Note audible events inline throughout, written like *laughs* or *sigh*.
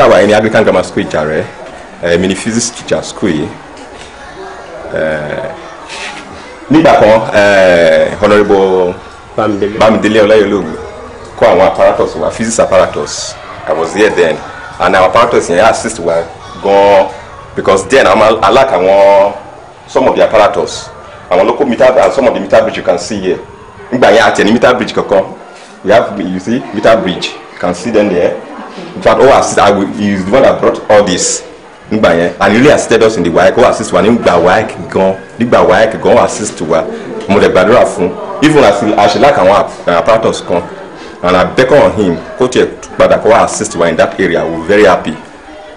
tàwa ẹni Anglican Grammar School Ìjàrẹ́ èmi eh, ni physics teacher school yìí eh, nígbà kan eh, honourable Bámidélé Ọláyélógun kó àwọn apparatus wa physics apparatus I was there then and our apparatus yẹn assist wa gan because then I lack àwọn some of the apparatus àwọn local meter and some of the meter bridge you can see here nígbà yẹn àti ẹni meter bridge kankan you have you see meter bridge you can see them there in fact ó assist I will he is the one that brought all this nígbà yẹn and he really assisted us in the WAEC ó assist wa nígbà WAEC gan nígbà WAEC gan ó assist wa mo dẹ̀ gbàdúrà fún even as as she lack àwọn uh, apparatus kan and I beckon on him kó tiẹ̀ padà kó wá assist wa in that area we were very happy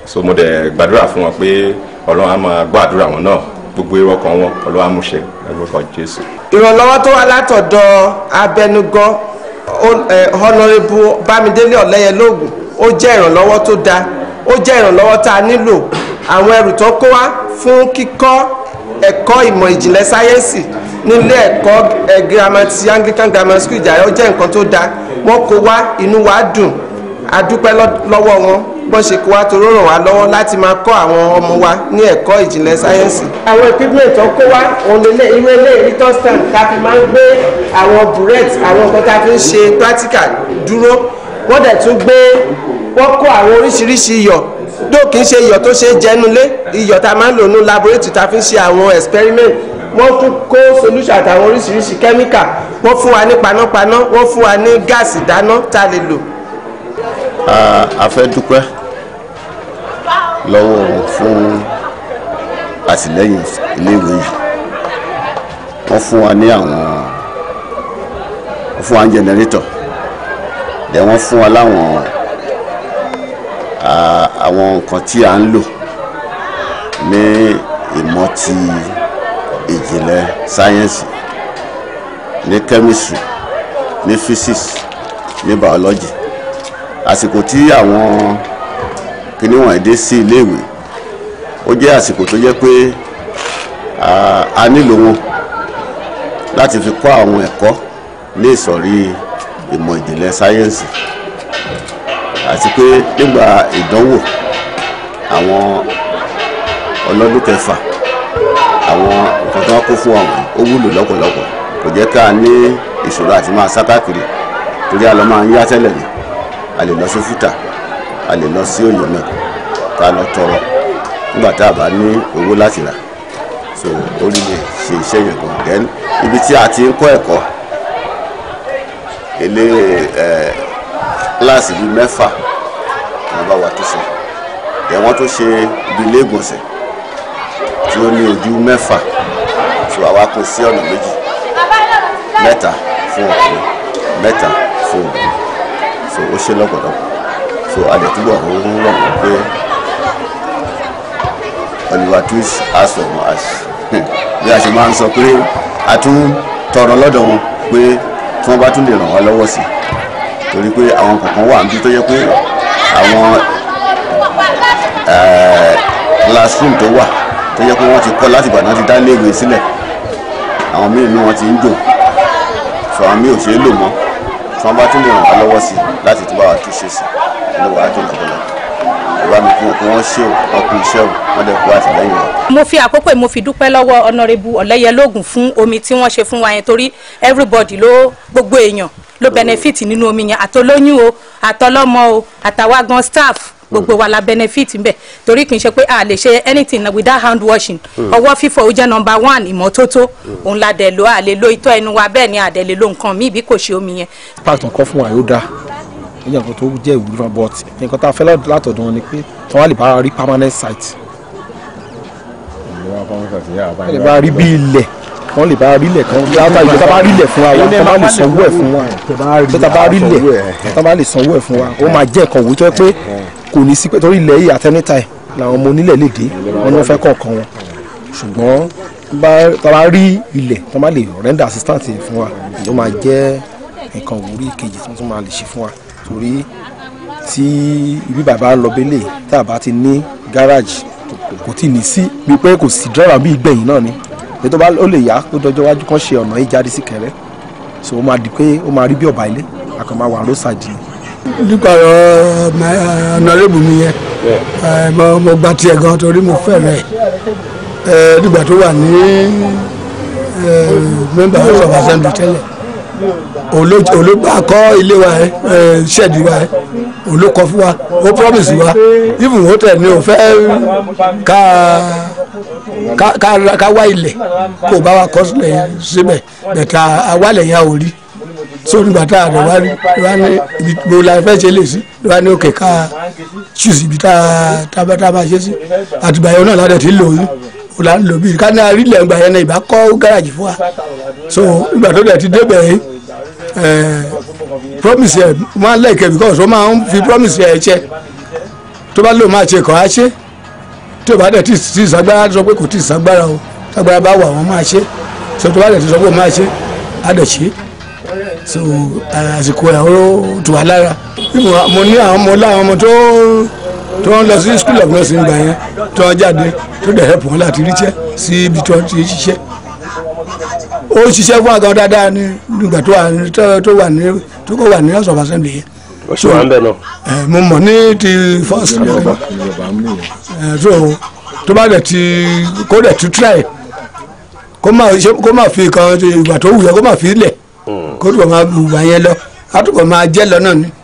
so mo dẹ̀ gbàdúrà fún wọn pé ọlọ́run á máa gbọ́ àdúrà wọn náà gbogbo irọ́ kan wọn ọlọ́run á mú ṣe lórúkọ Jésù. ìrànlọ́wọ́ tó wá látọ̀dọ̀ abẹnugan eh, honourable Bámidélé Ọláyẹlógún ó jẹ́ ìrànlọ́wọ́ tó dáa ó jẹ́ ìrànlọ́wọ́ tá a nílò àwọn ẹrù tó kó wá fún kíkọ́ ẹ̀kọ́ ìmọ̀ ìjìnlẹ̀ sáyẹ́ǹsì nílé ẹ̀kọ́ eh, girama ti Anglican Grammar School Ìjàyè ó jẹ́ nǹkan tó dáa wọ́n kó wá inú wa dùn a dúpẹ́ lọ́wọ́ wọn bọ́n ṣe kó wá toró ràn wá lọ́wọ́ láti máa kọ́ àwọn ọmọ wa ní ẹ̀kọ́ ìjìnlẹ̀ sáyẹ́ǹsì. àwọn equipment tó kó wá òun lélẹ̀ irú ilé littleton tá a fi máa ń gbé àwọn burette àwọn nǹkan tá a fi ń ṣe practical dúró wọ́n dẹ̀ tún gbé wọ́n kó àwọn oríṣiríṣi iyọ̀ dó kì í ṣe iyọ̀ tó ṣe jẹnulé iyọ̀ tá a máa ń lò ní laboratory tá a fi ń ṣe àwọn experiment wọ́n tún kó solution àtàwọn oríṣiríṣi kẹ́míkà wọ́n fún wa ní panápaná wọ́n fún wa ní gáàsì dáná tá a lè lò. a fẹ́ dúpẹ́ lọ́wọ́ fún àtìlẹ́yìn iléèwé yìí wọ́n fún wa ní àwọn wọ́n fún wa ní jẹnẹrétọ̀ dẹ wọ́n fún wa láwọn àwọn nǹkan tí a ń lò ní ìmọ̀ ti ìjìnlẹ̀ sáyẹ́nsì ní kẹ́mísì ní físíìsì ní bàọ́lọ́jì àsìkò tí àwọn kíní wọ̀nyí dé sí iléèwé ó jẹ́ àsìkò tó jẹ́ pé a nílò wọn láti fi kọ́ àwọn ẹ̀kọ́ ní ìsọ̀rí ìmọ̀ ìjìnlẹ̀ sáyẹ́ǹsì àti pé nígbà ìdánwò àwọn ọlọ́dún kẹfà àwọn nǹkan tí wọ́n kó fún ọ̀hún ó wúlò lọ́pọ̀lọpọ̀ kò jẹ́ ká ní ìṣòro àti máa sá káàkiri torí àlọ́ máa ń yá tẹ́lẹ̀ ni a lè lọ sí fúta a lè lọ sí òyìnbó náà ká lọ tọrọ nígbà tá a bá ní owó láti rà so ó lè ṣe iṣẹ́ yẹn gan-an ibi tí a ti ń kọ́ ẹ̀kọ́ ele ẹ kíláàsì bíi mẹ́fà ni wọ́n bá wa tó ṣe ẹ̀ wọ́n tó ṣe ibi ilé ìgbọ̀nsẹ̀ tí ó ní ojú mẹ́fà tí àwa kún sí ọ̀nà méjì mẹ́ta fún ọkùnrin mẹ́ta fún obìnrin so ó ṣe lọ́pọ̀lọpọ̀ so a lè túbọ̀ ń rọ̀mọ́ pé ọ̀nìwà tún aṣọ̀mọ́ àṣì *laughs* bí a ṣe máa ń sọ pé a tún tọrọ lọ́dọ̀ wọn pé tí wọ́n bá tún lè ràn wá lọ́wọ́ sí torí pé àwọn kọ̀ọ̀kan wà níbi tó yẹ pé àwọn eh, classroom tó wà tó yẹ pé wọ́n ti kọ́ láti ìbàdàn ti dá léèwé sílẹ̀ àwọn míì ní wọ́n ti ń dùn sọ àwọn míì ò ṣeé lò mọ́ tí wọ́n bá tún lè ràn wá lọ́wọ́ sí láti tún bá wa túnṣe sí lọ́wọ́ àjò lọ́wọ́lọ́wọ́ ìwà mi kí wọ́n ṣe ò ọkùn iṣẹ́ ò wọ́n dẹ̀ kó àtìlẹ́yìn rẹ̀. mo fi àkókò mo fi dúpẹ́ lọ́wọ́ ọ̀nàrẹ́bù ọ̀lẹ́yẹlógún fún omi tí wọ́n ṣe fún wa yẹn torí everybody ló gbogbo èèyàn ló benefit nínú omi yẹn àtọlóyún o àtọlọ́mọ o àtàwa staff gbogbo wa la benefit nbẹ torí kì í ṣe pé a lè ṣe anything without hand washing hmm. ọwọ́ fífọ̀ ó jẹ́ number one ìmọ́tótó hmm. òun la dẹ̀ lo a lè lo itọ́ ẹnu wa bẹ́ẹ̀ ni a dẹ̀ lè lo nǹkan míì bí kò ṣe omi yẹn. pàtó nǹkan fún wa yóò dáa ẹ̀yìn nǹkan tó jẹ́ ìwúrí fún but nǹkan tá a fẹ́ látọ̀dọ̀ wọn ni pé tí wọ́n á lè bá rí permanent site. wọ́n lè bá rí bí ilẹ̀ wọ́n lè bá rí ilẹ̀ kan lábá ìlú tá a bá rí ilẹ̀ fún wa wọ́n bá lè sanwó ẹ̀ fún wa tó tá a bá rí ilẹ̀ tá a bá lè sanwó ẹ̀ fún wa ó máa jẹ́ ẹ̀kọ́ wò tó yẹ pé kò ní sí pé torí ilẹ̀ yìí at any time làwọn ọmọ onílẹ̀ lè dé wọn ni wọ́n fẹ́ kọ̀ọ̀kan wọn ṣùgbọ́n tá a bá rí ilẹ̀ tó má lè render assistance fún wa ó máa jẹ́ nǹkan òwúrí kejì tó máa lè ṣe fún wa torí tí ibi bàbá lọ bẹ́lẹ̀ tá a bá ti ní gáràjì kò tí ì ní sí bíi pé kò sí dírọ́rà bí ìgbẹ̀yìn náà ni ètò bá ó lè yá ó dọjọ́ iwájú kan ṣe ọ̀nà ìjáde sí kẹrẹ́ so ó máa di pé ó máa rí bí ọ̀bà ilé àkànmá wà ló ṣàdì. nípa ọ̀rọ̀ ọ̀nàrẹ́bù mi yẹn eh, mo gba tiẹ̀ gan torí mo fẹ́ rẹ̀ eh, nígbà tó wà ní eh, member house of olóògbé akọ ilé wa ẹ ṣẹ́ẹ̀dì wa ẹ olókọ fún wa ó promise wa even hotel ni o fẹ́ ká ká wá ilẹ̀ kó bá wa kọ́ sílẹ̀ síbẹ̀ bẹ̀tà awálẹ̀ yẹn ò rí sórí a rẹ̀ wá rí wá ní ibo la fẹ́ ṣe lè sí wá ní òkè ká ṣùsì ibi tá a a bá ṣe sí àtìgbà yẹn náà ládẹ̀ tí ń lò yìí ọ̀la ń lò bíi ká ní arílẹ̀ ń gbà yẹn náà ìbá kọ́ gáràjì fún wa so ìgbà tó dẹ̀ ti débẹ̀ yìí. Eh, promise yẹ máa lẹ́ẹ̀kẹ́ because wọ́n máa ń fi promise yẹ ẹ̀ṣẹ́ tó bá lò máa ṣe kọ́ á ṣe tó bá dẹ̀ tí ì sagbára sọ pé kò tí ì sagbára o sagbára bá wà wọ́n máa ṣe so tó bá dẹ̀ tí sọ pé ó máa ṣe á dẹ̀ ṣe so àsìkò ẹ̀ ó tù wá lára mo ní àwọn ọmọ láwọn ọmọ tó ń lọ sí school of nursing gbà yẹn tó ń jáde tó dẹ̀ help wọn láti ríṣẹ́ sí ibi tó ń ṣiṣẹ́ ó ṣiṣẹ́ fún àgọ́ dáadáa ní ìgbà tó wà ní tó kò wà ní ọ̀sán assembly yẹn. o ṣe wà ń bẹ̀ náà. mo mọ̀ ní ti first so tó bá dẹ̀ ti kó dẹ̀ ti try kó má fi kan ìgbà tó wù yẹ kó má fi lẹ̀ hmm. kó tó máa wù wá yẹn lọ á tó máa jẹ́ lọ náà ni.